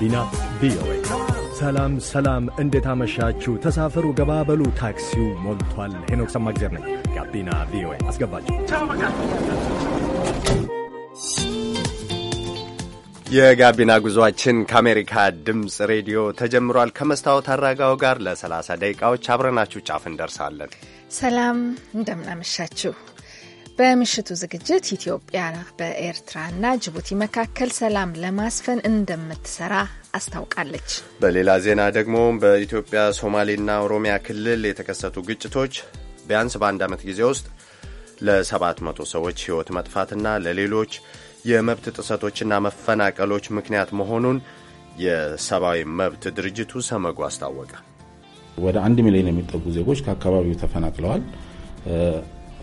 ጋቢና ቪኦኤ። ሰላም ሰላም፣ እንዴት አመሻችሁ? ተሳፈሩ፣ ገባበሉ፣ ታክሲው ሞልቷል። ሄኖክ ሰማግዜር ነኝ። ጋቢና ቪኦኤ አስገባችሁ። የጋቢና ጉዟችን ከአሜሪካ ድምፅ ሬዲዮ ተጀምሯል። ከመስታወት አራጋው ጋር ለ30 ደቂቃዎች አብረናችሁ ጫፍ እንደርሳለን። ሰላም፣ እንደምናመሻችሁ በምሽቱ ዝግጅት ኢትዮጵያ በኤርትራና ጅቡቲ መካከል ሰላም ለማስፈን እንደምትሰራ አስታውቃለች። በሌላ ዜና ደግሞ በኢትዮጵያ ሶማሌና ኦሮሚያ ክልል የተከሰቱ ግጭቶች ቢያንስ በአንድ ዓመት ጊዜ ውስጥ ለ700 ሰዎች ሕይወት መጥፋትና ለሌሎች የመብት ጥሰቶችና መፈናቀሎች ምክንያት መሆኑን የሰብአዊ መብት ድርጅቱ ሰመጉ አስታወቀ። ወደ አንድ ሚሊዮን የሚጠጉ ዜጎች ከአካባቢው ተፈናቅለዋል።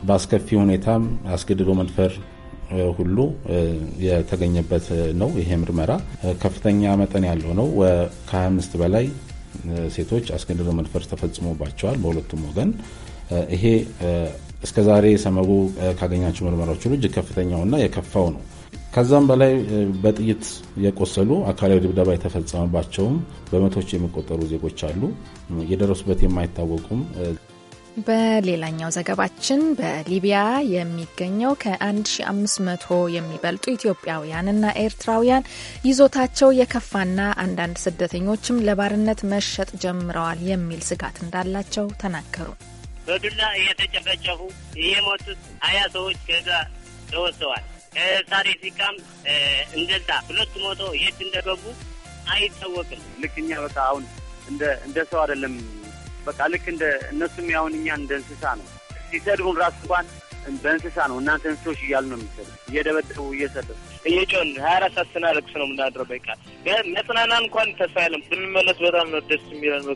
በአስከፊ ሁኔታም አስገድዶ መድፈር ሁሉ የተገኘበት ነው። ይሄ ምርመራ ከፍተኛ መጠን ያለው ነው። ከ25 በላይ ሴቶች አስገድዶ መድፈር ተፈጽሞባቸዋል በሁለቱም ወገን። ይሄ እስከዛሬ ሰመጉ ካገኛቸው ምርመራዎች ሁሉ እጅግ ከፍተኛውና የከፋው ነው። ከዛም በላይ በጥይት የቆሰሉ አካላዊ ድብደባ የተፈጸመባቸውም በመቶች የሚቆጠሩ ዜጎች አሉ። የደረሱበት የማይታወቁም በሌላኛው ዘገባችን በሊቢያ የሚገኘው ከ1500 የሚበልጡ ኢትዮጵያውያንና ኤርትራውያን ይዞታቸው የከፋና አንዳንድ ስደተኞችም ለባርነት መሸጥ ጀምረዋል የሚል ስጋት እንዳላቸው ተናገሩ። በዱላ እየተጨፈጨፉ እየሞቱት ሀያ ሰዎች ከዛ ተወጥተዋል። ከሳሬ ሲቃም እንደዛ ሁለት ሞቶ የት እንደገቡ አይታወቅም። ልክኛ በቃ አሁን እንደ ሰው አይደለም በቃ ልክ እንደ እነሱም ያሁን እኛ እንደ እንስሳ ነው ሲሰድቡን ራሱ እንኳን በእንስሳ ነው እናንተ እንስሶች እያሉ ነው የሚሰዱ እየደበደቡ እየሰደቡ እየጮን ሀያ አራት ሰዓት ስናለቅስ ነው የምናድረው። በቃ መጽናና እንኳን ተስፋ የለም ብንመለስ በጣም ነው ደስ የሚለን።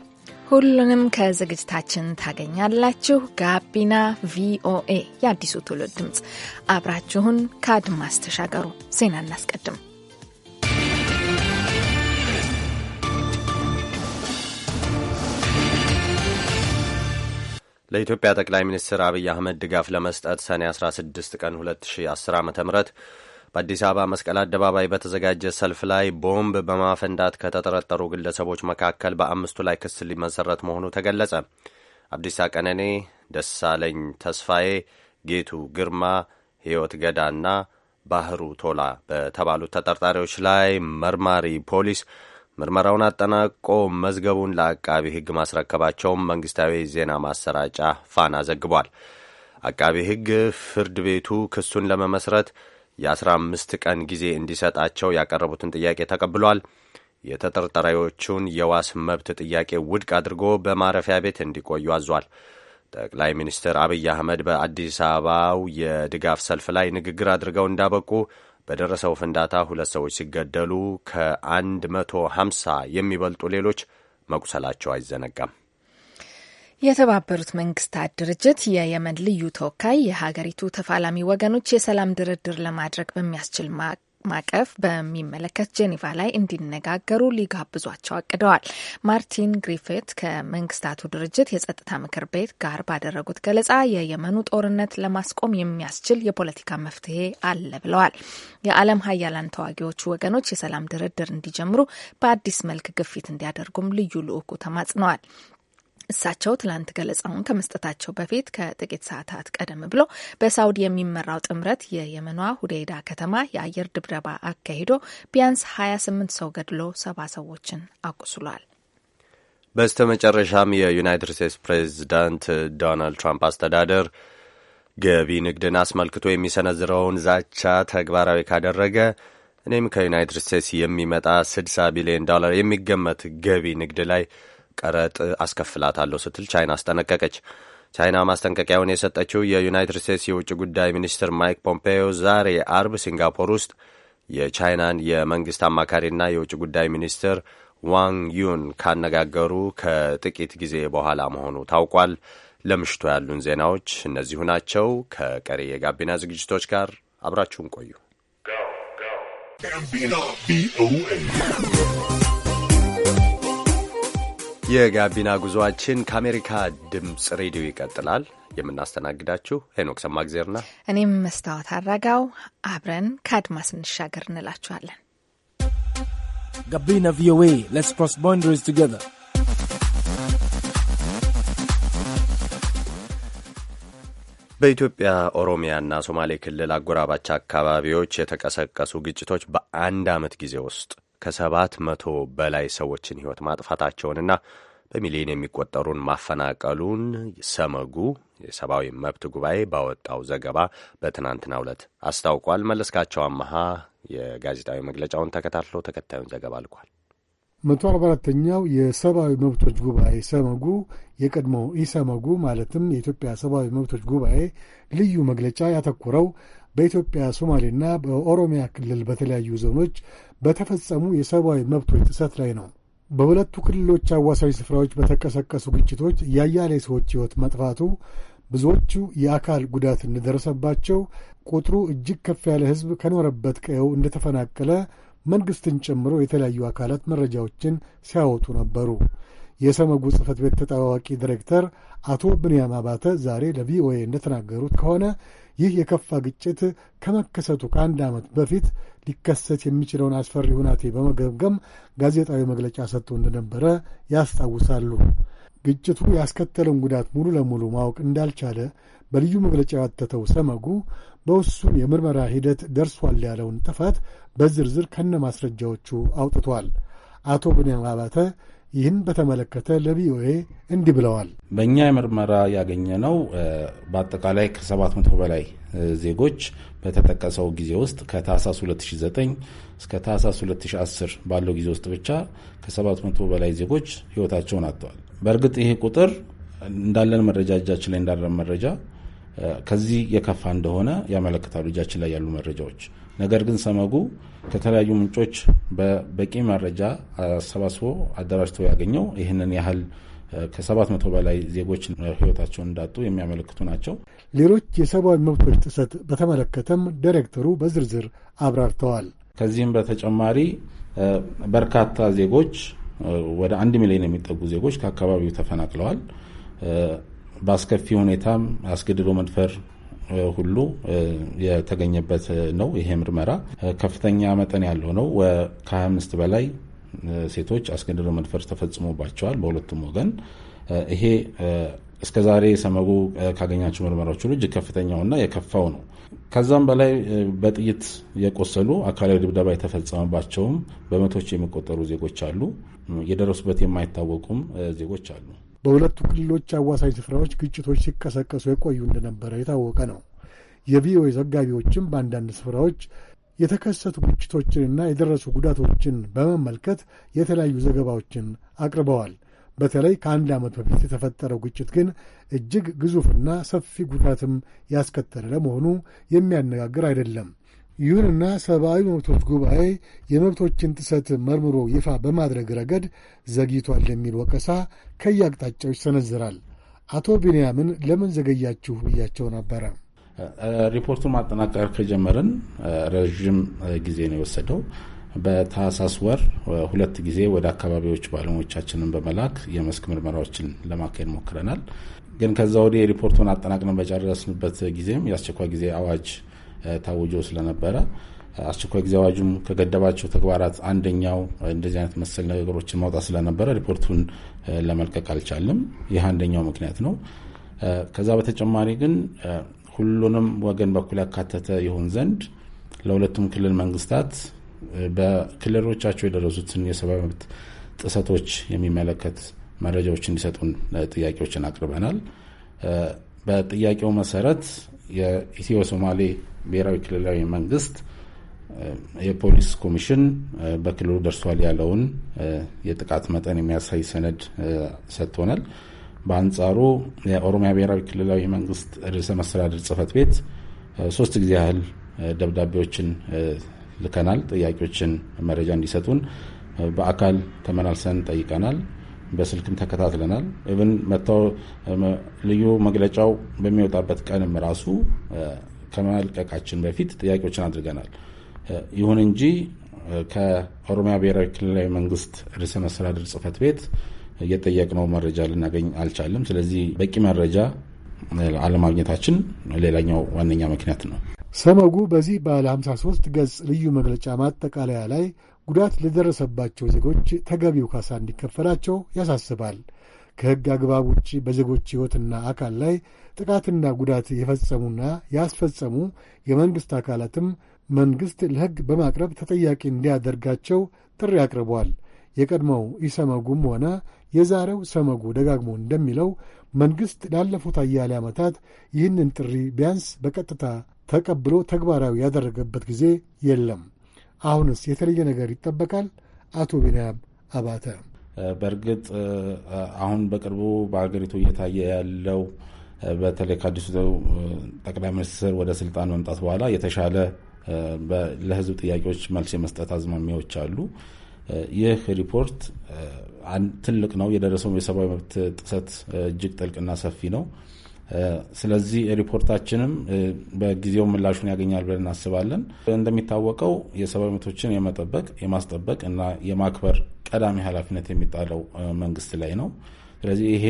ሁሉንም ከዝግጅታችን ታገኛላችሁ። ጋቢና ቪኦኤ የአዲሱ ትውልድ ድምፅ፣ አብራችሁን ከአድማስ ተሻገሩ። ዜና እናስቀድም። ለኢትዮጵያ ጠቅላይ ሚኒስትር አብይ አህመድ ድጋፍ ለመስጠት ሰኔ 16 ቀን 2010 ዓ ም በአዲስ አበባ መስቀል አደባባይ በተዘጋጀ ሰልፍ ላይ ቦምብ በማፈንዳት ከተጠረጠሩ ግለሰቦች መካከል በአምስቱ ላይ ክስ ሊመሰረት መሆኑ ተገለጸ። አብዲሳ ቀነኔ፣ ደሳለኝ ተስፋዬ፣ ጌቱ ግርማ፣ ሕይወት ገዳና ባህሩ ቶላ በተባሉት ተጠርጣሪዎች ላይ መርማሪ ፖሊስ ምርመራውን አጠናቆ መዝገቡን ለአቃቢ ሕግ ማስረከባቸውም መንግስታዊ ዜና ማሰራጫ ፋና ዘግቧል። አቃቢ ሕግ ፍርድ ቤቱ ክሱን ለመመስረት የ15 ቀን ጊዜ እንዲሰጣቸው ያቀረቡትን ጥያቄ ተቀብሏል። የተጠርጣሪዎቹን የዋስ መብት ጥያቄ ውድቅ አድርጎ በማረፊያ ቤት እንዲቆዩ አዟል። ጠቅላይ ሚኒስትር አብይ አህመድ በአዲስ አበባው የድጋፍ ሰልፍ ላይ ንግግር አድርገው እንዳበቁ በደረሰው ፍንዳታ ሁለት ሰዎች ሲገደሉ ከ150 የሚበልጡ ሌሎች መቁሰላቸው አይዘነጋም። የተባበሩት መንግስታት ድርጅት የየመን ልዩ ተወካይ የሀገሪቱ ተፋላሚ ወገኖች የሰላም ድርድር ለማድረግ በሚያስችል ማቀፍ በሚመለከት ጄኔቫ ላይ እንዲነጋገሩ ሊጋብዟቸው አቅደዋል። ማርቲን ግሪፊት ከመንግስታቱ ድርጅት የጸጥታ ምክር ቤት ጋር ባደረጉት ገለጻ የየመኑ ጦርነት ለማስቆም የሚያስችል የፖለቲካ መፍትሄ አለ ብለዋል። የዓለም ሀያላን ተዋጊዎቹ ወገኖች የሰላም ድርድር እንዲጀምሩ በአዲስ መልክ ግፊት እንዲያደርጉም ልዩ ልዑኩ ተማጽነዋል። እሳቸው ትላንት ገለጻውን ከመስጠታቸው በፊት ከጥቂት ሰዓታት ቀደም ብሎ በሳውዲ የሚመራው ጥምረት የየመኗ ሁዴዳ ከተማ የአየር ድብደባ አካሂዶ ቢያንስ 28 ሰው ገድሎ ሰባ ሰዎችን አቁስሏል። በስተ መጨረሻም የዩናይትድ ስቴትስ ፕሬዚዳንት ዶናልድ ትራምፕ አስተዳደር ገቢ ንግድን አስመልክቶ የሚሰነዝረውን ዛቻ ተግባራዊ ካደረገ እኔም ከዩናይትድ ስቴትስ የሚመጣ 60 ቢሊዮን ዶላር የሚገመት ገቢ ንግድ ላይ ቀረጥ አስከፍላታለሁ ስትል ቻይና አስጠነቀቀች። ቻይና ማስጠንቀቂያውን የሰጠችው የዩናይትድ ስቴትስ የውጭ ጉዳይ ሚኒስትር ማይክ ፖምፔዮ ዛሬ አርብ ሲንጋፖር ውስጥ የቻይናን የመንግስት አማካሪና የውጭ ጉዳይ ሚኒስትር ዋንግ ዩን ካነጋገሩ ከጥቂት ጊዜ በኋላ መሆኑ ታውቋል። ለምሽቱ ያሉን ዜናዎች እነዚሁ ናቸው። ከቀሪ የጋቢና ዝግጅቶች ጋር አብራችሁን ቆዩ። የጋቢና ጉዞአችን ከአሜሪካ ድምፅ ሬዲዮ ይቀጥላል። የምናስተናግዳችሁ ሄኖክ ሰማግዜርና እኔም መስታወት አረጋው አብረን ከአድማስ እንሻገር እንላችኋለን። ጋቢና ቪኦኤ ሌትስ ክሮስ ቦንደሪስ ቱጌዘር በኢትዮጵያ ኦሮሚያና ሶማሌ ክልል አጎራባች አካባቢዎች የተቀሰቀሱ ግጭቶች በአንድ ዓመት ጊዜ ውስጥ ከሰባት መቶ በላይ ሰዎችን ሕይወት ማጥፋታቸውንና በሚሊዮን የሚቆጠሩን ማፈናቀሉን ሰመጉ የሰብአዊ መብት ጉባኤ ባወጣው ዘገባ በትናንትናው ዕለት አስታውቋል። መለስካቸው አመሃ የጋዜጣዊ መግለጫውን ተከታትሎ ተከታዩን ዘገባ ልኳል። መቶ አርባ አራተኛው የሰብአዊ መብቶች ጉባኤ ሰመጉ የቀድሞው ኢሰመጉ ማለትም የኢትዮጵያ ሰብአዊ መብቶች ጉባኤ ልዩ መግለጫ ያተኮረው በኢትዮጵያ ሶማሌና በኦሮሚያ ክልል በተለያዩ ዞኖች በተፈጸሙ የሰብአዊ መብቶች ጥሰት ላይ ነው። በሁለቱ ክልሎች አዋሳኝ ስፍራዎች በተቀሰቀሱ ግጭቶች የአያሌ ሰዎች ሕይወት መጥፋቱ፣ ብዙዎቹ የአካል ጉዳት እንደደረሰባቸው፣ ቁጥሩ እጅግ ከፍ ያለ ሕዝብ ከኖረበት ቀየው እንደተፈናቀለ መንግሥትን ጨምሮ የተለያዩ አካላት መረጃዎችን ሲያወጡ ነበሩ። የሰመጉ ጽፈት ቤት ተጠባባቂ ዲሬክተር አቶ ብንያም አባተ ዛሬ ለቪኦኤ እንደተናገሩት ከሆነ ይህ የከፋ ግጭት ከመከሰቱ ከአንድ ዓመት በፊት ሊከሰት የሚችለውን አስፈሪ ሁናቴ በመገምገም ጋዜጣዊ መግለጫ ሰጥተው እንደነበረ ያስታውሳሉ። ግጭቱ ያስከተለውን ጉዳት ሙሉ ለሙሉ ማወቅ እንዳልቻለ በልዩ መግለጫ ያተተው ሰመጉ በውሱን የምርመራ ሂደት ደርሷል ያለውን ጥፋት በዝርዝር ከነ ማስረጃዎቹ አውጥቷል። አቶ ብንያም አባተ ይህን በተመለከተ ለቪኦኤ እንዲህ ብለዋል። በእኛ የምርመራ ያገኘ ነው በአጠቃላይ ከ700 በላይ ዜጎች በተጠቀሰው ጊዜ ውስጥ ከታህሳስ 2009 እስከ ታህሳስ 2010 ባለው ጊዜ ውስጥ ብቻ ከ700 በላይ ዜጎች ህይወታቸውን አጥተዋል። በእርግጥ ይሄ ቁጥር እንዳለን መረጃ እጃችን ላይ እንዳለን መረጃ ከዚህ የከፋ እንደሆነ ያመለክታሉ እጃችን ላይ ያሉ መረጃዎች። ነገር ግን ሰመጉ ከተለያዩ ምንጮች በበቂ መረጃ አሰባስቦ አደራጅተው ያገኘው ይህንን ያህል ከሰባት መቶ በላይ ዜጎች ህይወታቸውን እንዳጡ የሚያመለክቱ ናቸው። ሌሎች የሰብአዊ መብቶች ጥሰት በተመለከተም ዳይሬክተሩ በዝርዝር አብራርተዋል። ከዚህም በተጨማሪ በርካታ ዜጎች ወደ አንድ ሚሊዮን የሚጠጉ ዜጎች ከአካባቢው ተፈናቅለዋል። በአስከፊ ሁኔታም አስገድዶ መድፈር፣ ሁሉ የተገኘበት ነው። ይሄ ምርመራ ከፍተኛ መጠን ያለው ነው። ከ25 በላይ ሴቶች አስገድዶ መድፈር ተፈጽሞባቸዋል በሁለቱም ወገን ይሄ እስከዛሬ ሰመጉ ካገኛቸው ምርመራዎች ሁሉ እጅግ ከፍተኛውና የከፋው ነው። ከዛም በላይ በጥይት የቆሰሉ አካላዊ ድብደባ የተፈጸመባቸውም በመቶች የሚቆጠሩ ዜጎች አሉ። የደረሱበት የማይታወቁም ዜጎች አሉ። በሁለቱ ክልሎች አዋሳኝ ስፍራዎች ግጭቶች ሲቀሰቀሱ የቆዩ እንደነበረ የታወቀ ነው። የቪኦኤ ዘጋቢዎችም በአንዳንድ ስፍራዎች የተከሰቱ ግጭቶችንና የደረሱ ጉዳቶችን በመመልከት የተለያዩ ዘገባዎችን አቅርበዋል። በተለይ ከአንድ ዓመት በፊት የተፈጠረው ግጭት ግን እጅግ ግዙፍና ሰፊ ጉዳትም ያስከተለ ለመሆኑ የሚያነጋግር አይደለም። ይሁንና ሰብአዊ መብቶች ጉባኤ የመብቶችን ጥሰት መርምሮ ይፋ በማድረግ ረገድ ዘግይቷል የሚል ወቀሳ ከየአቅጣጫው ይሰነዝራል። አቶ ቢንያምን ለምን ዘገያችሁ ብያቸው ነበረ። ሪፖርቱን ማጠናቀር ከጀመርን ረዥም ጊዜ ነው የወሰደው። በታህሳስ ወር ሁለት ጊዜ ወደ አካባቢዎች ባለሙያዎቻችንን በመላክ የመስክ ምርመራዎችን ለማካሄድ ሞክረናል። ግን ከዛ ወዲህ ሪፖርቱን አጠናቅነን በጨረስንበት ጊዜም የአስቸኳይ ጊዜ አዋጅ ታውጆ ስለነበረ አስቸኳይ ጊዜ አዋጁም ከገደባቸው ተግባራት አንደኛው እንደዚህ አይነት መሰል ነገሮችን ማውጣት ስለነበረ ሪፖርቱን ለመልቀቅ አልቻለም። ይህ አንደኛው ምክንያት ነው። ከዛ በተጨማሪ ግን ሁሉንም ወገን በኩል ያካተተ ይሆን ዘንድ ለሁለቱም ክልል መንግስታት በክልሎቻቸው የደረሱትን የሰብአዊ መብት ጥሰቶች የሚመለከት መረጃዎች እንዲሰጡን ጥያቄዎችን አቅርበናል። በጥያቄው መሰረት የኢትዮ ሶማሌ ብሔራዊ ክልላዊ መንግስት የፖሊስ ኮሚሽን በክልሉ ደርሷል ያለውን የጥቃት መጠን የሚያሳይ ሰነድ ሰጥቶናል። በአንጻሩ የኦሮሚያ ብሔራዊ ክልላዊ መንግስት ርዕሰ መስተዳድር ጽህፈት ቤት ሶስት ጊዜ ያህል ደብዳቤዎችን ልከናል። ጥያቄዎችን መረጃ እንዲሰጡን በአካል ተመላልሰን ጠይቀናል። በስልክም ተከታትለናል። ብን መጥተው ልዩ መግለጫው በሚወጣበት ቀንም ራሱ ከመልቀቃችን በፊት ጥያቄዎችን አድርገናል። ይሁን እንጂ ከኦሮሚያ ብሔራዊ ክልላዊ መንግስት ርዕሰ መስተዳድር ጽህፈት ቤት እየጠየቅነው መረጃ ልናገኝ አልቻለም። ስለዚህ በቂ መረጃ አለማግኘታችን ሌላኛው ዋነኛ ምክንያት ነው። ሰመጉ በዚህ ባለ 53 ገጽ ልዩ መግለጫ ማጠቃለያ ላይ ጉዳት ለደረሰባቸው ዜጎች ተገቢው ካሳ እንዲከፈላቸው ያሳስባል። ከሕግ አግባብ ውጭ በዜጎች ሕይወትና አካል ላይ ጥቃትና ጉዳት የፈጸሙና ያስፈጸሙ የመንግሥት አካላትም መንግሥት ለሕግ በማቅረብ ተጠያቂ እንዲያደርጋቸው ጥሪ አቅርቧል። የቀድሞው ኢሰመጉም ሆነ የዛሬው ሰመጉ ደጋግሞ እንደሚለው መንግሥት ላለፉት አያሌ ዓመታት ይህንን ጥሪ ቢያንስ በቀጥታ ተቀብሎ ተግባራዊ ያደረገበት ጊዜ የለም። አሁንስ የተለየ ነገር ይጠበቃል? አቶ ቢንያም አባተ በእርግጥ አሁን በቅርቡ በሀገሪቱ እየታየ ያለው በተለይ ከአዲሱ ጠቅላይ ሚኒስትር ወደ ስልጣን መምጣት በኋላ የተሻለ ለህዝብ ጥያቄዎች መልስ የመስጠት አዝማሚያዎች አሉ። ይህ ሪፖርት ትልቅ ነው። የደረሰው የሰብአዊ መብት ጥሰት እጅግ ጥልቅና ሰፊ ነው። ስለዚህ ሪፖርታችንም በጊዜው ምላሹን ያገኛል ብለን እናስባለን። እንደሚታወቀው የሰብአዊ መብቶችን የመጠበቅ የማስጠበቅ እና የማክበር ቀዳሚ ኃላፊነት የሚጣለው መንግስት ላይ ነው። ስለዚህ ይሄ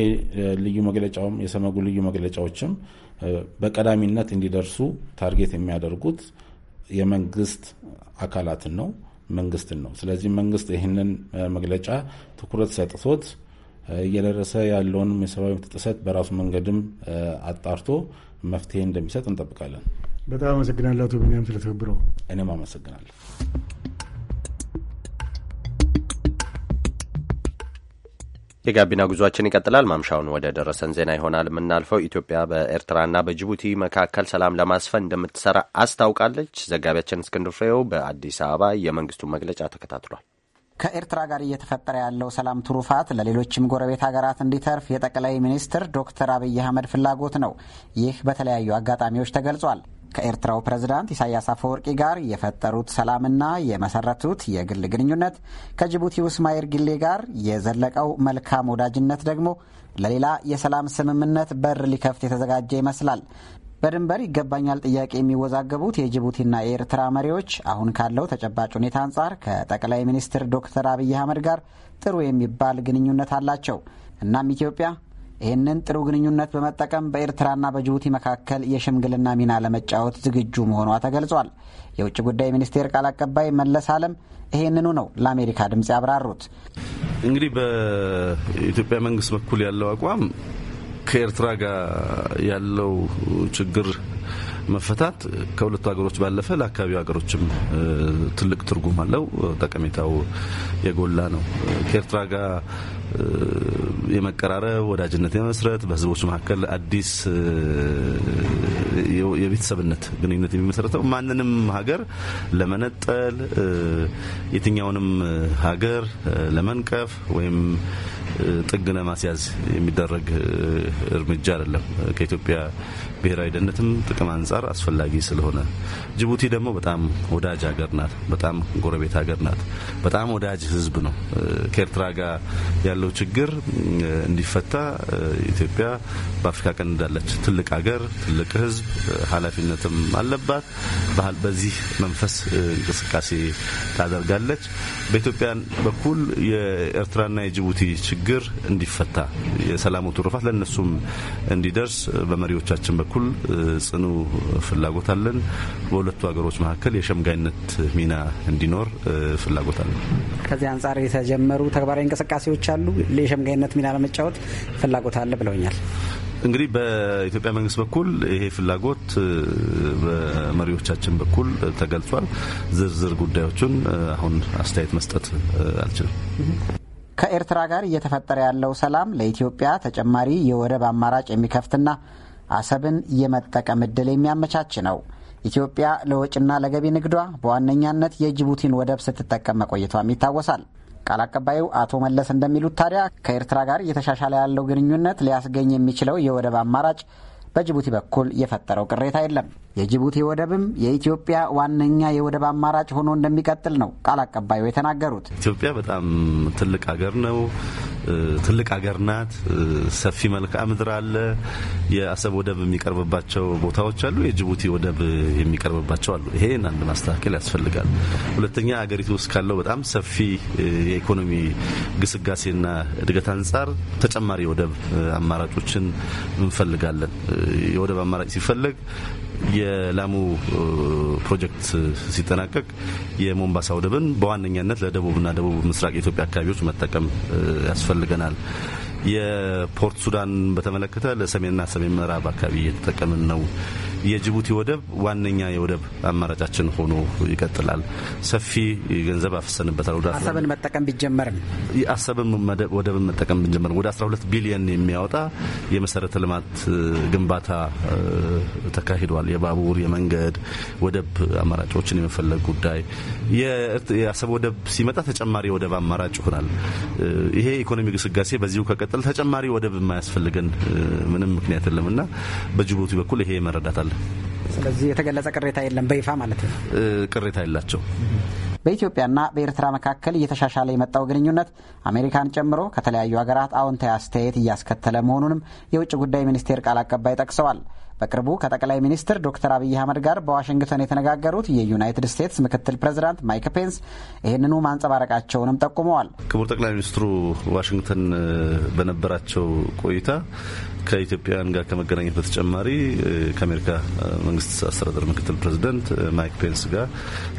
ልዩ መግለጫውም የሰመጉ ልዩ መግለጫዎችም በቀዳሚነት እንዲደርሱ ታርጌት የሚያደርጉት የመንግስት አካላትን ነው መንግስትን ነው። ስለዚህ መንግስት ይህንን መግለጫ ትኩረት ሰጥቶት እየደረሰ ያለውን የሰብአዊ መብት ጥሰት በራሱ መንገድም አጣርቶ መፍትሄ እንደሚሰጥ እንጠብቃለን። በጣም አመሰግናለሁ አቶ ቢኒያም ስለተከብረው። እኔም አመሰግናለሁ። የጋቢና ጉዟችን ይቀጥላል። ማምሻውን ወደ ደረሰን ዜና ይሆናል የምናልፈው። ኢትዮጵያ በኤርትራና በጅቡቲ መካከል ሰላም ለማስፈን እንደምትሰራ አስታውቃለች። ዘጋቢያችን እስክንድር ፍሬው በአዲስ አበባ የመንግስቱን መግለጫ ተከታትሏል። ከኤርትራ ጋር እየተፈጠረ ያለው ሰላም ትሩፋት ለሌሎችም ጎረቤት ሀገራት እንዲተርፍ የጠቅላይ ሚኒስትር ዶክተር አብይ አህመድ ፍላጎት ነው። ይህ በተለያዩ አጋጣሚዎች ተገልጿል። ከኤርትራው ፕሬዝዳንት ኢሳያስ አፈወርቂ ጋር የፈጠሩት ሰላምና የመሰረቱት የግል ግንኙነት ከጅቡቲው እስማኤል ጊሌ ጋር የዘለቀው መልካም ወዳጅነት ደግሞ ለሌላ የሰላም ስምምነት በር ሊከፍት የተዘጋጀ ይመስላል። በድንበር ይገባኛል ጥያቄ የሚወዛገቡት የጅቡቲና የኤርትራ መሪዎች አሁን ካለው ተጨባጭ ሁኔታ አንጻር ከጠቅላይ ሚኒስትር ዶክተር አብይ አህመድ ጋር ጥሩ የሚባል ግንኙነት አላቸው። እናም ኢትዮጵያ ይህንን ጥሩ ግንኙነት በመጠቀም በኤርትራና በጅቡቲ መካከል የሽምግልና ሚና ለመጫወት ዝግጁ መሆኗ ተገልጿል። የውጭ ጉዳይ ሚኒስቴር ቃል አቀባይ መለስ አለም ይህንኑ ነው ለአሜሪካ ድምፅ ያብራሩት። እንግዲህ በኢትዮጵያ መንግስት በኩል ያለው አቋም ከኤርትራ ጋር ያለው ችግር መፈታት ከሁለቱ ሀገሮች ባለፈ ለአካባቢው ሀገሮችም ትልቅ ትርጉም አለው፣ ጠቀሜታው የጎላ ነው። ከኤርትራ ጋር የመቀራረብ ወዳጅነት የመስረት በህዝቦች መካከል አዲስ የቤተሰብነት ግንኙነት የሚመሰረተው ማንንም ሀገር ለመነጠል የትኛውንም ሀገር ለመንቀፍ ወይም ጥግ ለማስያዝ የሚደረግ እርምጃ አይደለም። ከኢትዮጵያ ብሔራዊ ደህንነትም ጥቅም አንጻር አስፈላጊ ስለሆነ ጅቡቲ ደግሞ በጣም ወዳጅ ሀገር ናት። በጣም ጎረቤት ሀገር ናት። በጣም ወዳጅ ህዝብ ነው። ከኤርትራ ጋር ያለ ያለው ችግር እንዲፈታ ኢትዮጵያ በአፍሪካ ቀንድ እንዳለች ትልቅ ሀገር፣ ትልቅ ህዝብ ኃላፊነትም አለባት። ባህል በዚህ መንፈስ እንቅስቃሴ ታደርጋለች። በኢትዮጵያ በኩል የኤርትራና የጅቡቲ ችግር እንዲፈታ የሰላሙ ትሩፋት ለእነሱም እንዲደርስ በመሪዎቻችን በኩል ጽኑ ፍላጎት አለን። በሁለቱ ሀገሮች መካከል የሸምጋይነት ሚና እንዲኖር ፍላጎት አለን። ከዚህ አንጻር የተጀመሩ ተግባራዊ እንቅስቃሴዎች አሉ። የሸምጋይነት ሚና ለመጫወት ፍላጎት አለ ብለውኛል። እንግዲህ በኢትዮጵያ መንግስት በኩል ይሄ ፍላጎት በመሪዎቻችን በኩል ተገልጿል። ዝርዝር ጉዳዮችን አሁን አስተያየት መስጠት አልችልም። ከኤርትራ ጋር እየተፈጠረ ያለው ሰላም ለኢትዮጵያ ተጨማሪ የወደብ አማራጭ የሚከፍትና አሰብን የመጠቀም እድል የሚያመቻች ነው። ኢትዮጵያ ለወጭና ለገቢ ንግዷ በዋነኛነት የጅቡቲን ወደብ ስትጠቀም መቆየቷም ይታወሳል። ቃል አቀባዩ አቶ መለስ እንደሚሉት ታዲያ ከኤርትራ ጋር እየተሻሻለ ያለው ግንኙነት ሊያስገኝ የሚችለው የወደብ አማራጭ በጅቡቲ በኩል የፈጠረው ቅሬታ የለም። የጅቡቲ ወደብም የኢትዮጵያ ዋነኛ የወደብ አማራጭ ሆኖ እንደሚቀጥል ነው ቃል አቀባዩ የተናገሩት። ኢትዮጵያ በጣም ትልቅ ሀገር ነው። ትልቅ ሀገር ናት። ሰፊ መልክዓ ምድር አለ። የአሰብ ወደብ የሚቀርብባቸው ቦታዎች አሉ። የጅቡቲ ወደብ የሚቀርብባቸው አሉ። ይሄን አንድ ማስተካከል ያስፈልጋል። ሁለተኛ ሀገሪቱ ውስጥ ካለው በጣም ሰፊ የኢኮኖሚ ግስጋሴና እድገት አንጻር ተጨማሪ የወደብ አማራጮችን እንፈልጋለን። የወደብ አማራጭ ሲፈለግ የላሙ ፕሮጀክት ሲጠናቀቅ የሞምባሳ ወደብን በዋነኛነት ለደቡብና ደቡብ ምስራቅ የኢትዮጵያ አካባቢዎች መጠቀም ያስፈልገናል። የፖርት ሱዳን በተመለከተ ለሰሜንና ሰሜን ምዕራብ አካባቢ እየተጠቀምን ነው። የጅቡቲ ወደብ ዋነኛ የወደብ አማራጫችን ሆኖ ይቀጥላል። ሰፊ ገንዘብ አፈሰንበታል። አሰብን መጠቀም ቢጀመርም አሰብን ወደብን መጠቀም ቢጀመርም ወደ 12 ቢሊዮን የሚያወጣ የመሰረተ ልማት ግንባታ ተካሂዷል። የባቡር የመንገድ ወደብ አማራጮችን የመፈለግ ጉዳይ የአሰብ ወደብ ሲመጣ ተጨማሪ ወደብ አማራጭ ይሆናል። ይሄ የኢኮኖሚ ግስጋሴ በዚሁ ከቀጠል ተጨማሪ ወደብ የማያስፈልገን ምንም ምክንያት የለምና በጅቡቲ በኩል ይሄ መረዳት አለ እናቀርባለን። ስለዚህ የተገለጸ ቅሬታ የለም በይፋ ማለት ነው። ቅሬታ የላቸው። በኢትዮጵያና በኤርትራ መካከል እየተሻሻለ የመጣው ግንኙነት አሜሪካን ጨምሮ ከተለያዩ ሀገራት አዎንታዊ አስተያየት እያስከተለ መሆኑንም የውጭ ጉዳይ ሚኒስቴር ቃል አቀባይ ጠቅሰዋል። በቅርቡ ከጠቅላይ ሚኒስትር ዶክተር አብይ አህመድ ጋር በዋሽንግተን የተነጋገሩት የዩናይትድ ስቴትስ ምክትል ፕሬዚዳንት ማይክ ፔንስ ይህንኑ ማንጸባረቃቸውንም ጠቁመዋል። ክቡር ጠቅላይ ሚኒስትሩ ዋሽንግተን በነበራቸው ቆይታ ከኢትዮጵያውያን ጋር ከመገናኘት በተጨማሪ ከአሜሪካ መንግስት አስተዳደር ምክትል ፕሬዚደንት ማይክ ፔንስ ጋር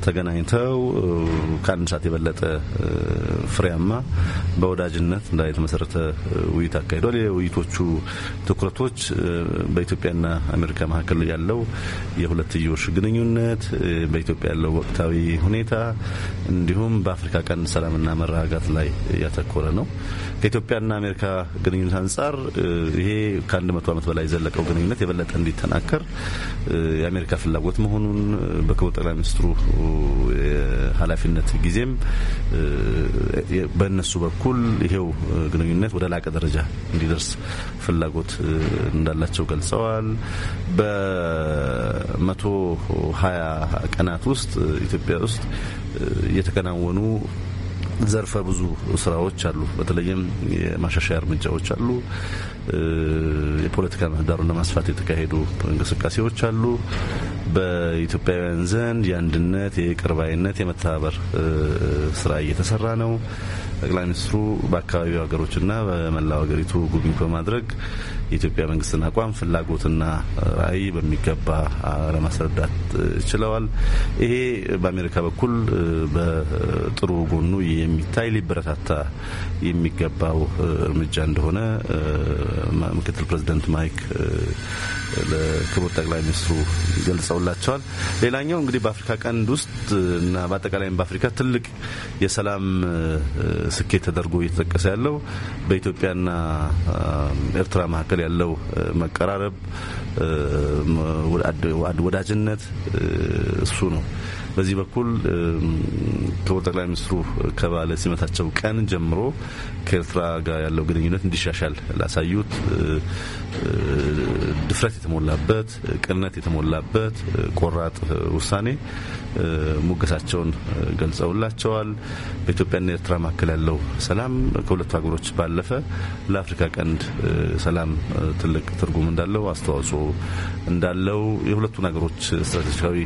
ተገናኝተው ከአንድ ሰዓት የበለጠ ፍሬያማ በወዳጅነት ላይ የተመሰረተ ውይይት አካሂዷል። የውይይቶቹ ትኩረቶች በኢትዮጵያና አሜሪካ መካከል ያለው የሁለትዮሽ ግንኙነት፣ በኢትዮጵያ ያለው ወቅታዊ ሁኔታ እንዲሁም በአፍሪካ ቀንድ ሰላምና መረጋጋት ላይ ያተኮረ ነው። ከኢትዮጵያና አሜሪካ ግንኙነት አንጻር ይሄ ከአንድ መቶ ዓመት በላይ የዘለቀው ግንኙነት የበለጠ እንዲተናከር የአሜሪካ ፍላጎት መሆኑን በክቡር ጠቅላይ ሚኒስትሩ የኃላፊነት ጊዜም በእነሱ በኩል ይሄው ግንኙነት ወደ ላቀ ደረጃ እንዲደርስ ፍላጎት እንዳላቸው ገልጸዋል። በመቶ ሀያ ቀናት ውስጥ ኢትዮጵያ ውስጥ የተከናወኑ ዘርፈ ብዙ ስራዎች አሉ። በተለይም የማሻሻያ እርምጃዎች አሉ። የፖለቲካ ምህዳሩን ለማስፋት የተካሄዱ እንቅስቃሴዎች አሉ። በኢትዮጵያውያን ዘንድ የአንድነት፣ የቅርባይነት፣ የመተባበር ስራ እየተሰራ ነው። ጠቅላይ ሚኒስትሩ በአካባቢው ሀገሮችና በመላው ሀገሪቱ ጉብኝት በማድረግ የኢትዮጵያ መንግስትን አቋም ፍላጎትና ራዕይ በሚገባ ለማስረዳት ችለዋል። ይሄ በአሜሪካ በኩል በጥሩ ጎኑ የሚታይ ሊበረታታ የሚገባው እርምጃ እንደሆነ ምክትል ፕሬዚደንት ማይክ ለክቡር ጠቅላይ ሚኒስትሩ ገልጸውላቸዋል። ሌላኛው እንግዲህ በአፍሪካ ቀንድ ውስጥ እና በአጠቃላይም በአፍሪካ ትልቅ የሰላም ስኬት ተደርጎ እየተጠቀሰ ያለው በኢትዮጵያና ኤርትራ መካከል ያለው መቀራረብ፣ ወዳጅነት እሱ ነው። በዚህ በኩል ክቡር ጠቅላይ ሚኒስትሩ ከባለ ሲመታቸው ቀን ጀምሮ ከኤርትራ ጋር ያለው ግንኙነት እንዲሻሻል ላሳዩት ድፍረት የተሞላበት ቅንነት የተሞላበት ቆራጥ ውሳኔ ሙገሳቸውን ገልጸውላቸዋል። በኢትዮጵያና ኤርትራ መካከል ያለው ሰላም ከሁለቱ ሀገሮች ባለፈ ለአፍሪካ ቀንድ ሰላም ትልቅ ትርጉም እንዳለው አስተዋጽኦ እንዳለው የሁለቱን ሀገሮች ስትራቴጂካዊ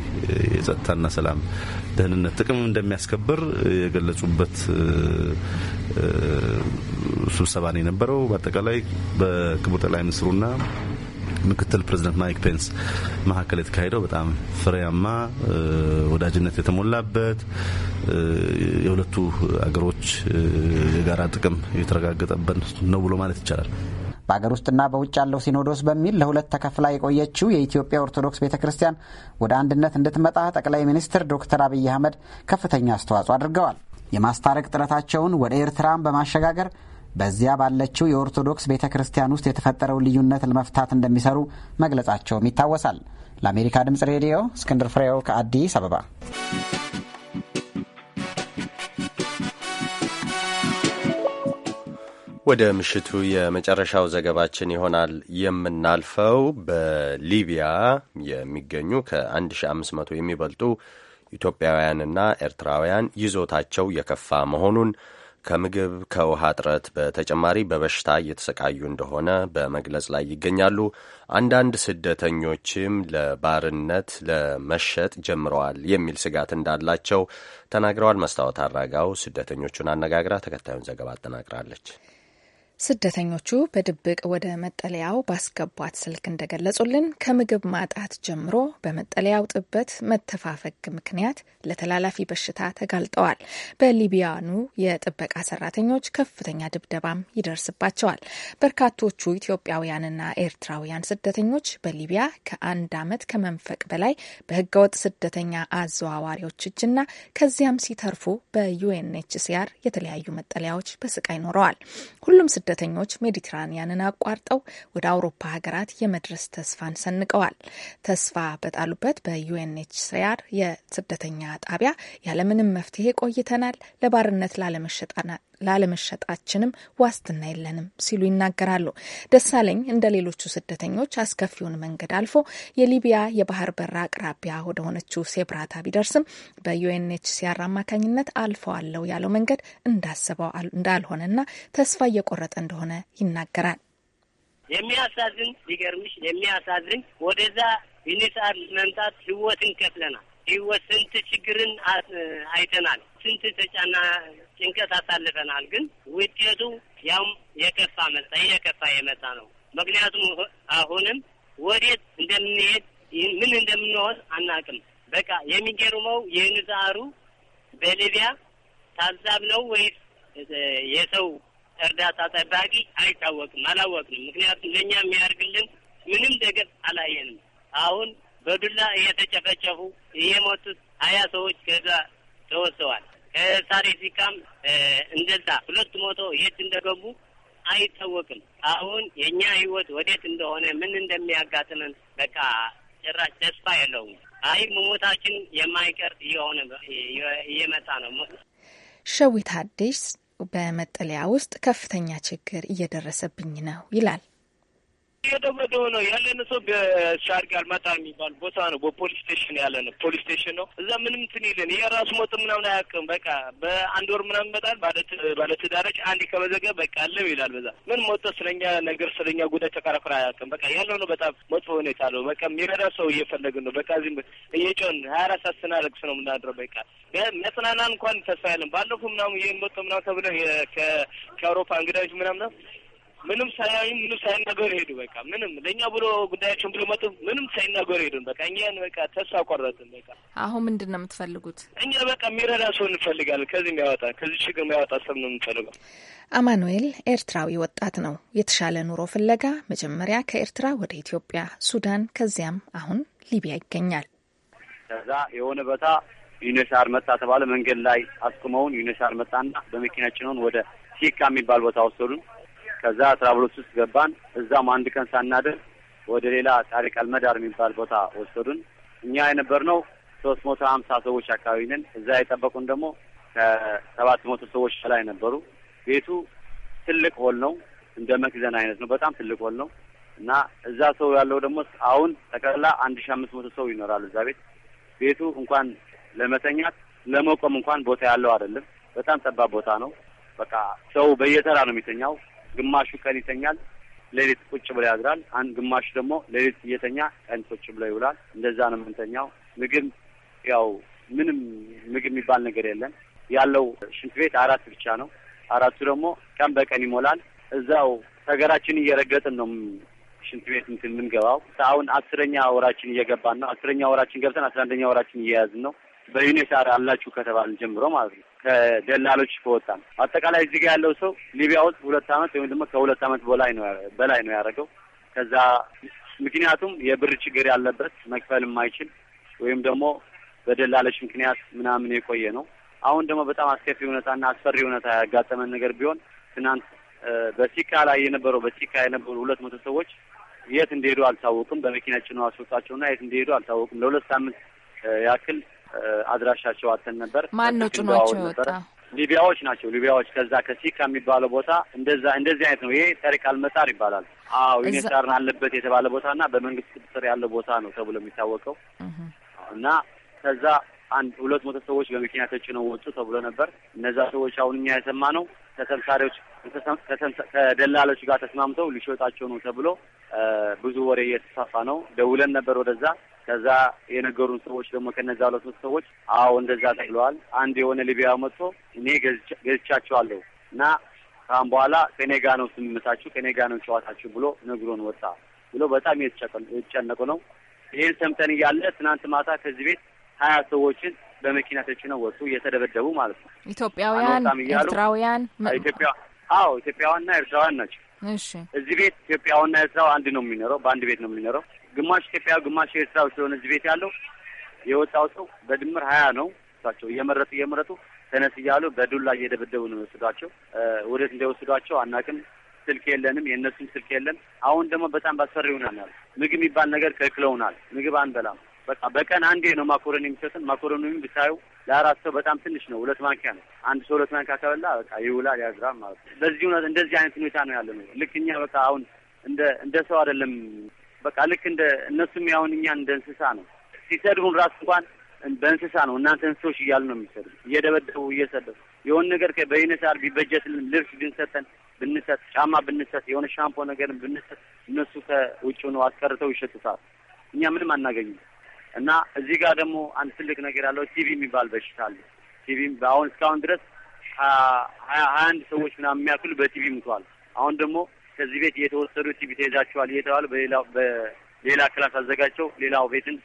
የጸጥታና ሰላም የኢትዮጵያን ደህንነት ጥቅም እንደሚያስከብር የገለጹበት ስብሰባ ነው የነበረው። በአጠቃላይ በክቡር ጠቅላይ ሚኒስትሩና ምክትል ፕሬዚደንት ማይክ ፔንስ መካከል የተካሄደው በጣም ፍሬያማ ወዳጅነት የተሞላበት የሁለቱ አገሮች የጋራ ጥቅም የተረጋገጠበት ነው ብሎ ማለት ይቻላል። በአገር ውስጥና በውጭ ያለው ሲኖዶስ በሚል ለሁለት ተከፍላ የቆየችው የኢትዮጵያ ኦርቶዶክስ ቤተ ክርስቲያን ወደ አንድነት እንድትመጣ ጠቅላይ ሚኒስትር ዶክተር አብይ አህመድ ከፍተኛ አስተዋጽኦ አድርገዋል። የማስታረቅ ጥረታቸውን ወደ ኤርትራም በማሸጋገር በዚያ ባለችው የኦርቶዶክስ ቤተ ክርስቲያን ውስጥ የተፈጠረውን ልዩነት ለመፍታት እንደሚሰሩ መግለጻቸውም ይታወሳል። ለአሜሪካ ድምፅ ሬዲዮ እስክንድር ፍሬው ከአዲስ አበባ ወደ ምሽቱ የመጨረሻው ዘገባችን ይሆናል የምናልፈው። በሊቢያ የሚገኙ ከ1500 የሚበልጡ ኢትዮጵያውያንና ኤርትራውያን ይዞታቸው የከፋ መሆኑን ከምግብ ከውሃ እጥረት በተጨማሪ በበሽታ እየተሰቃዩ እንደሆነ በመግለጽ ላይ ይገኛሉ። አንዳንድ ስደተኞችም ለባርነት ለመሸጥ ጀምረዋል የሚል ስጋት እንዳላቸው ተናግረዋል። መስታወት አራጋው ስደተኞቹን አነጋግራ ተከታዩን ዘገባ አጠናቅራለች። ስደተኞቹ በድብቅ ወደ መጠለያው ባስገቧት ስልክ እንደገለጹልን ከምግብ ማጣት ጀምሮ በመጠለያው ጥበት መተፋፈግ ምክንያት ለተላላፊ በሽታ ተጋልጠዋል። በሊቢያኑ የጥበቃ ሰራተኞች ከፍተኛ ድብደባም ይደርስባቸዋል። በርካቶቹ ኢትዮጵያውያንና ኤርትራውያን ስደተኞች በሊቢያ ከአንድ ዓመት ከመንፈቅ በላይ በህገወጥ ስደተኛ አዘዋዋሪዎች እጅና ከዚያም ሲተርፉ በዩኤንኤችሲአር የተለያዩ መጠለያዎች በስቃይ ኖረዋል። ሁሉም ስደተኞች ሜዲትራኒያንን አቋርጠው ወደ አውሮፓ ሀገራት የመድረስ ተስፋን ሰንቀዋል። ተስፋ በጣሉበት በዩኤንኤችሲአር የስደተኛ ጣቢያ ያለምንም መፍትሄ ቆይተናል፣ ለባርነት ላለመሸጣና ላለመሸጣችንም ዋስትና የለንም ሲሉ ይናገራሉ። ደሳለኝ እንደ ሌሎቹ ስደተኞች አስከፊውን መንገድ አልፎ የሊቢያ የባህር በር አቅራቢያ ወደሆነችው ሴብራታ ቢደርስም በዩኤንኤችሲአር አማካኝነት አልፈዋለው ያለው መንገድ እንዳሰበው እንዳልሆነና ተስፋ እየቆረጠ እንደሆነ ይናገራል። የሚያሳዝን ሊገርምሽ፣ የሚያሳዝን ወደዛ ዩኒሳር መምጣት ህይወትን ከፍለናል ህይወት ስንት ችግርን አይተናል። ስንት ተጫና ጭንቀት አሳልፈናል። ግን ውጤቱ ያም የከፋ መጣ የከፋ የመጣ ነው። ምክንያቱም አሁንም ወዴት እንደምንሄድ ምን እንደምንሆን አናቅም። በቃ የሚገርመው የንዛሩ በሊቢያ ታዛብ ነው ወይስ የሰው እርዳታ ጠባቂ አይታወቅም፣ አላወቅንም። ምክንያቱም ለእኛ የሚያደርግልን ምንም ደገፍ አላየንም። አሁን በዱላ እየተጨፈጨፉ እየሞቱት ሀያ ሰዎች ከዛ ተወሰዋል። ከሳሬሲካም እንደዛ ሁለት ሞቶ የት እንደገቡ አይታወቅም። አሁን የእኛ ህይወት ወዴት እንደሆነ ምን እንደሚያጋጥመን በቃ ጭራሽ ተስፋ የለውም። አይ መሞታችን የማይቀር እየሆነ እየመጣ ነው። ሸዊት አዲስ በመጠለያ ውስጥ ከፍተኛ ችግር እየደረሰብኝ ነው ይላል። የደበደ ነው ያለን ሰው በሻርቅ አልመጣ የሚባል ቦታ ነው። በፖሊስ ስቴሽን ያለ ነው። ፖሊስ ስቴሽን ነው። እዛ ምንም እንትን የለን። የራሱ ሞት ምናምን አያውቅም። በቃ በአንድ ወር ምናምን ይመጣል። ባለትዳረች አንድ ከበዘገ በቃ አለም ይላል። በዛ ምን ሞጥ ስለኛ ነገር ስለኛ ጉዳይ ተከራክሮ አያውቅም። በቃ ያለው ነው በጣም መጥፎ ሁኔታ ነው። በቃ የሚረዳ ሰው እየፈለግን ነው። በቃ እዚህም እየጮን ሀያ አራት ሰዓት ስናለቅስ ነው የምናድረው። በቃ መጽናና እንኳን ተስፋ ያለን ባለፉ ምናምን ይህን መጥቶ ምናምን ተብለ ከአውሮፓ እንግዳዎች ምናምን ምንም ሳያዩ ምንም ሳይናገሩ ሄዱ። በቃ ምንም ለእኛ ብሎ ጉዳያቸውን ብሎ መጡ። ምንም ሳይናገሩ ሄዱን። በቃ እኛን በቃ ተስፋ ቆረጥን። በቃ አሁን ምንድን ነው የምትፈልጉት? እኛ በቃ የሚረዳ ሰው እንፈልጋለን። ከዚህ የሚያወጣ ከዚህ ችግር የሚያወጣ ሰብ ነው የምንፈልገው። አማኑኤል ኤርትራዊ ወጣት ነው። የተሻለ ኑሮ ፍለጋ መጀመሪያ ከኤርትራ ወደ ኢትዮጵያ፣ ሱዳን፣ ከዚያም አሁን ሊቢያ ይገኛል። ከዛ የሆነ ቦታ ዩኔሳር መጣ ተባለ። መንገድ ላይ አስቁመውን ዩኔሳር መጣና በመኪና ጭነውን ወደ ሲካ የሚባል ቦታ ወሰዱን። ከዛ ትራብሎስ ውስጥ ገባን። እዛም አንድ ቀን ሳናደር ወደ ሌላ ታሪክ አልመዳር የሚባል ቦታ ወሰዱን። እኛ የነበርነው ሶስት መቶ ሀምሳ ሰዎች አካባቢ ነን። እዛ የጠበቁን ደግሞ ከሰባት መቶ ሰዎች በላይ ነበሩ። ቤቱ ትልቅ ሆል ነው፣ እንደ መክዘን አይነት ነው። በጣም ትልቅ ሆል ነው እና እዛ ሰው ያለው ደግሞ አሁን ጠቅላላ አንድ ሺ አምስት መቶ ሰው ይኖራሉ እዛ ቤት። ቤቱ እንኳን ለመተኛት ለመቆም እንኳን ቦታ ያለው አይደለም። በጣም ጠባብ ቦታ ነው። በቃ ሰው በየተራ ነው የሚተኛው። ግማሹ ቀን ይተኛል፣ ሌሊት ቁጭ ብሎ ያድራል። አንድ ግማሹ ደግሞ ሌሊት እየተኛ ቀን ቁጭ ብሎ ይውላል። እንደዛ ነው የምንተኛው። ምግብ ያው ምንም ምግብ የሚባል ነገር የለም። ያለው ሽንት ቤት አራት ብቻ ነው። አራቱ ደግሞ ቀን በቀን ይሞላል። እዛው ሀገራችን እየረገጥን ነው ሽንት ቤት እንትን የምንገባው። አሁን አስረኛ ወራችን እየገባን ነው። አስረኛ ወራችን ገብተን አስራ አንደኛ ወራችን እየያዝን ነው። በዩኔሳር አላችሁ ከተባልን ጀምሮ ማለት ነው። ከደላሎች ከወጣ ነው። አጠቃላይ እዚህ ጋ ያለው ሰው ሊቢያ ውስጥ ሁለት ዓመት ወይም ደግሞ ከሁለት ዓመት በላይ ነው በላይ ነው ያደረገው። ከዛ ምክንያቱም የብር ችግር ያለበት መክፈል የማይችል ወይም ደግሞ በደላለች ምክንያት ምናምን የቆየ ነው። አሁን ደግሞ በጣም አስከፊ ሁኔታና አስፈሪ ሁኔታ ያጋጠመን ነገር ቢሆን ትናንት በሲካ ላይ የነበረው በሲካ የነበሩ ሁለት መቶ ሰዎች የት እንደሄዱ አልታወቁም። በመኪና ጭነው አስወጣቸውና የት እንደሄዱ አልታወቁም። ለሁለት ሳምንት ያክል አድራሻቸው አተን ነበር። ማን ነው ጭኗቸው ወጣ? ሊቢያዎች ናቸው። ሊቢያዎች ከዛ ከሲካ ከሚባለው ቦታ እንደዛ እንደዚህ አይነት ነው። ይሄ ተሪክ አልመጣር ይባላል። አዎ ዩኔስታርን አለበት የተባለ ቦታ እና በመንግስት ቁጥጥር ያለው ቦታ ነው ተብሎ የሚታወቀው እና ከዛ አንድ ሁለት መቶ ሰዎች በመኪና ተጭነው ወጡ ተብሎ ነበር። እነዛ ሰዎች አሁን እኛ የሰማ ነው ተሰምሳሪዎች ከደላሎች ጋር ተስማምተው ሊሸጣቸው ነው ተብሎ ብዙ ወሬ እየተስፋፋ ነው። ደውለን ነበር ወደዛ ከዛ የነገሩን ሰዎች ደግሞ ከነዛ ሁለት ሰዎች አዎ እንደዛ ተብለዋል። አንድ የሆነ ሊቢያ መጥቶ እኔ ገዝቻቸዋለሁ እና ካሁን በኋላ ከኔ ጋ ነው ስምምታችሁ፣ ከኔ ጋ ነው ጨዋታችሁ ብሎ ነግሮን ወጣ ብሎ በጣም የተጨነቁ ነው። ይህን ሰምተን እያለ ትናንት ማታ ከዚህ ቤት ሀያ ሰዎችን በመኪና ተጭነው ወጡ፣ እየተደበደቡ ማለት ነው። ኢትዮጵያውያን፣ ኤርትራውያን ኢትዮጵያ አዎ ኢትዮጵያውያንና ኤርትራውያን ናቸው። እሺ እዚህ ቤት ኢትዮጵያውያንና ኤርትራው አንድ ነው የሚኖረው፣ በአንድ ቤት ነው የሚኖረው። ግማሽ ኢትዮጵያዊ ግማሽ ኤርትራዊ ስለሆነ እዚህ ቤት ያለው የወጣው ሰው በድምር ሀያ ነው። እሳቸው እየመረጡ እየመረጡ ተነስ እያሉ በዱላ እየደበደቡ ነው የወሰዷቸው። ወዴት እንደወሰዷቸው አናቅም። ስልክ የለንም፣ የእነሱም ስልክ የለን። አሁን ደግሞ በጣም ባሰሪ ይሆናል። ምግብ የሚባል ነገር ከልክለውናል። ምግብ አንበላም። በቃ በቀን አንዴ ነው ማኮረኒ የሚሰጥን። ማኮረኒም ብታዩ ለአራት ሰው በጣም ትንሽ ነው፣ ሁለት ማንኪያ ነው። አንድ ሰው ሁለት ማንኪያ ከበላ በቃ ይውላል፣ ያዝራል ማለት ነው። በዚህ እንደዚህ አይነት ሁኔታ ነው ያለ ነው። ልክ እኛ በቃ አሁን እንደ እንደ ሰው አይደለም በቃ ልክ እንደ እነሱም ያሁን እኛን እንደ እንስሳ ነው ሲሰድቡን ራሱ እንኳን በእንስሳ ነው እናንተ እንስሶች እያሉ ነው የሚሰዱ እየደበደቡ እየሰደቡ የሆን ነገር በይነሳር ቢበጀትልን ልብስ ብንሰጠን ብንሰጥ ጫማ ብንሰጥ የሆነ ሻምፖ ነገር ብንሰጥ እነሱ ከውጭ ነው አስቀርተው ይሸጡታል። እኛ ምንም አናገኝም። እና እዚህ ጋር ደግሞ አንድ ትልቅ ነገር ያለው ቲቪ የሚባል በሽታ አለ። ቲቪ በአሁን እስካሁን ድረስ ሀያ አንድ ሰዎች ምናምን የሚያክሉ በቲቪ ሙተዋል። አሁን ደግሞ ከዚህ ቤት እየተወሰዱ ቲቪ ተይዛቸዋል እየተባሉ በሌላ በሌላ ክላስ አዘጋጅተው ሌላው ቤትን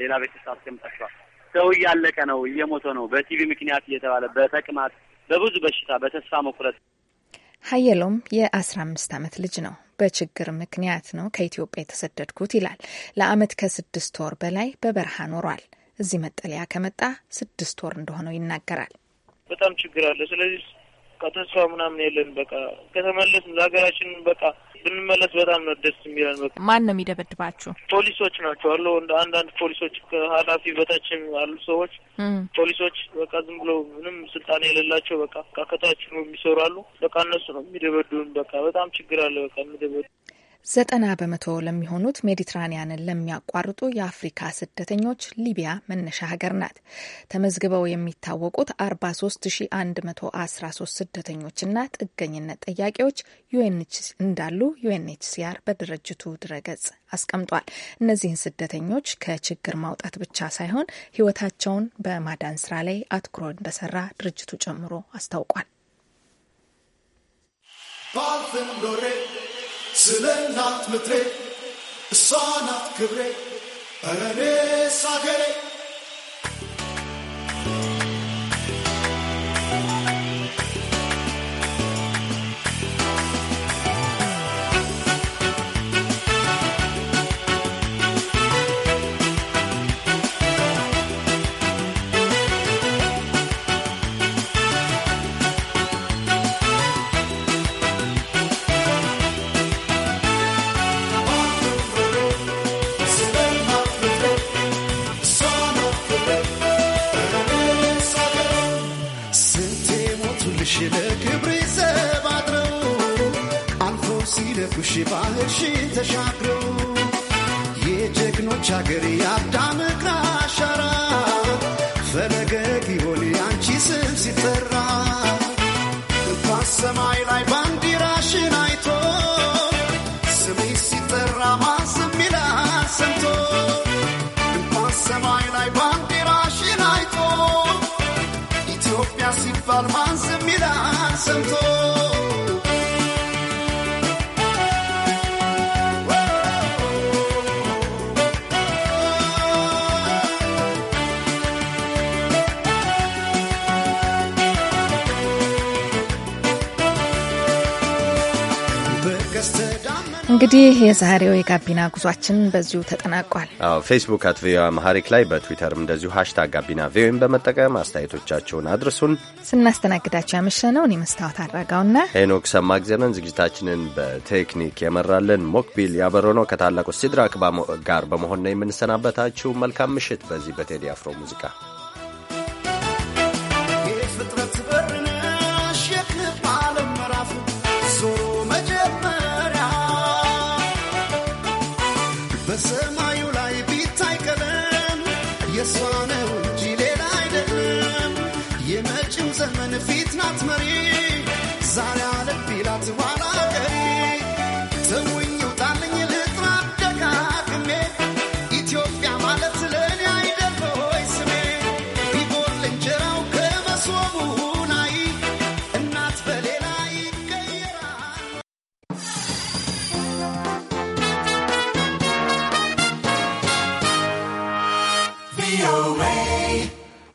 ሌላ ቤት ውስጥ አስቀምጣቸዋል። ሰው እያለቀ ነው፣ እየሞተ ነው በቲቪ ምክንያት እየተባለ በተቅማጥ በብዙ በሽታ በተስፋ መቁረጥ። ሀየሎም የአስራ አምስት አመት ልጅ ነው። በችግር ምክንያት ነው ከኢትዮጵያ የተሰደድኩት ይላል። ለአመት ከስድስት ወር በላይ በበረሃ ኖሯል። እዚህ መጠለያ ከመጣ ስድስት ወር እንደሆነው ይናገራል። በጣም ችግር አለ። ስለዚህ ተስፋ ምናምን የለን። በቃ ከተመለስ ለሀገራችን በቃ ብንመለስ በጣም ነው ደስ የሚለን። በቃ ማን ነው የሚደበድባችሁ? ፖሊሶች ናቸው አሉ አንዳንድ ፖሊሶች ከኃላፊ በታችን አሉ ሰዎች ፖሊሶች በቃ ዝም ብሎ ምንም ስልጣን የሌላቸው በቃ ከታች ነው የሚሰሩ አሉ። በቃ እነሱ ነው የሚደበድቡን። በቃ በጣም ችግር አለ። በቃ የሚደበድ ዘጠና በመቶ ለሚሆኑት ሜዲትራኒያንን ለሚያቋርጡ የአፍሪካ ስደተኞች ሊቢያ መነሻ ሀገር ናት። ተመዝግበው የሚታወቁት 43113 ስደተኞችና ጥገኝነት ጠያቂዎች እንዳሉ ዩኤንኤችሲአር በድርጅቱ ድረገጽ አስቀምጧል። እነዚህን ስደተኞች ከችግር ማውጣት ብቻ ሳይሆን ሕይወታቸውን በማዳን ስራ ላይ አትኩሮ እንደሰራ ድርጅቱ ጨምሮ አስታውቋል። ስለ እናት ምትሬ እሷ ናት ክብሬ እኔስ አገሬ ሺ ባህር ሺ ተሻግሮ የጀግኖች አገር የአዳም አሻራ ፈለገግ ይሆን አንቺ ስም ሲጠራ እንኳን ሰማይ ላይ ባንዲራሽን አይቶ ስሜ ሲጠራ ማዘም ይላል ሰምቶ እንኳን ሰማይ ላይ ባንዲራሽን አይቶ ኢትዮጵያ ሲባል ማዘም ይላል ሰምቶ እንግዲህ የዛሬው የጋቢና ጉዟችን በዚሁ ተጠናቋል። ፌስቡክ አት ቪኦኤ አማሃሪክ ላይ በትዊተርም እንደዚሁ ሀሽታግ ጋቢና ቪኦኤን በመጠቀም አስተያየቶቻቸውን አድርሱን። ስናስተናግዳቸው ያመሸነው እኔ መስታወት አድራጋውና ሄኖክ ሰማግዘነን ዝግጅታችንን በቴክኒክ የመራልን ሞክቢል ያበሮ ነው። ከታላቁ ሲድራክ ጋር በመሆን ነው የምንሰናበታችሁ። መልካም ምሽት በዚህ በቴዲ አፍሮ ሙዚቃ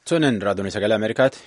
Sonen raadiyyoon sagalee Ameerikaati.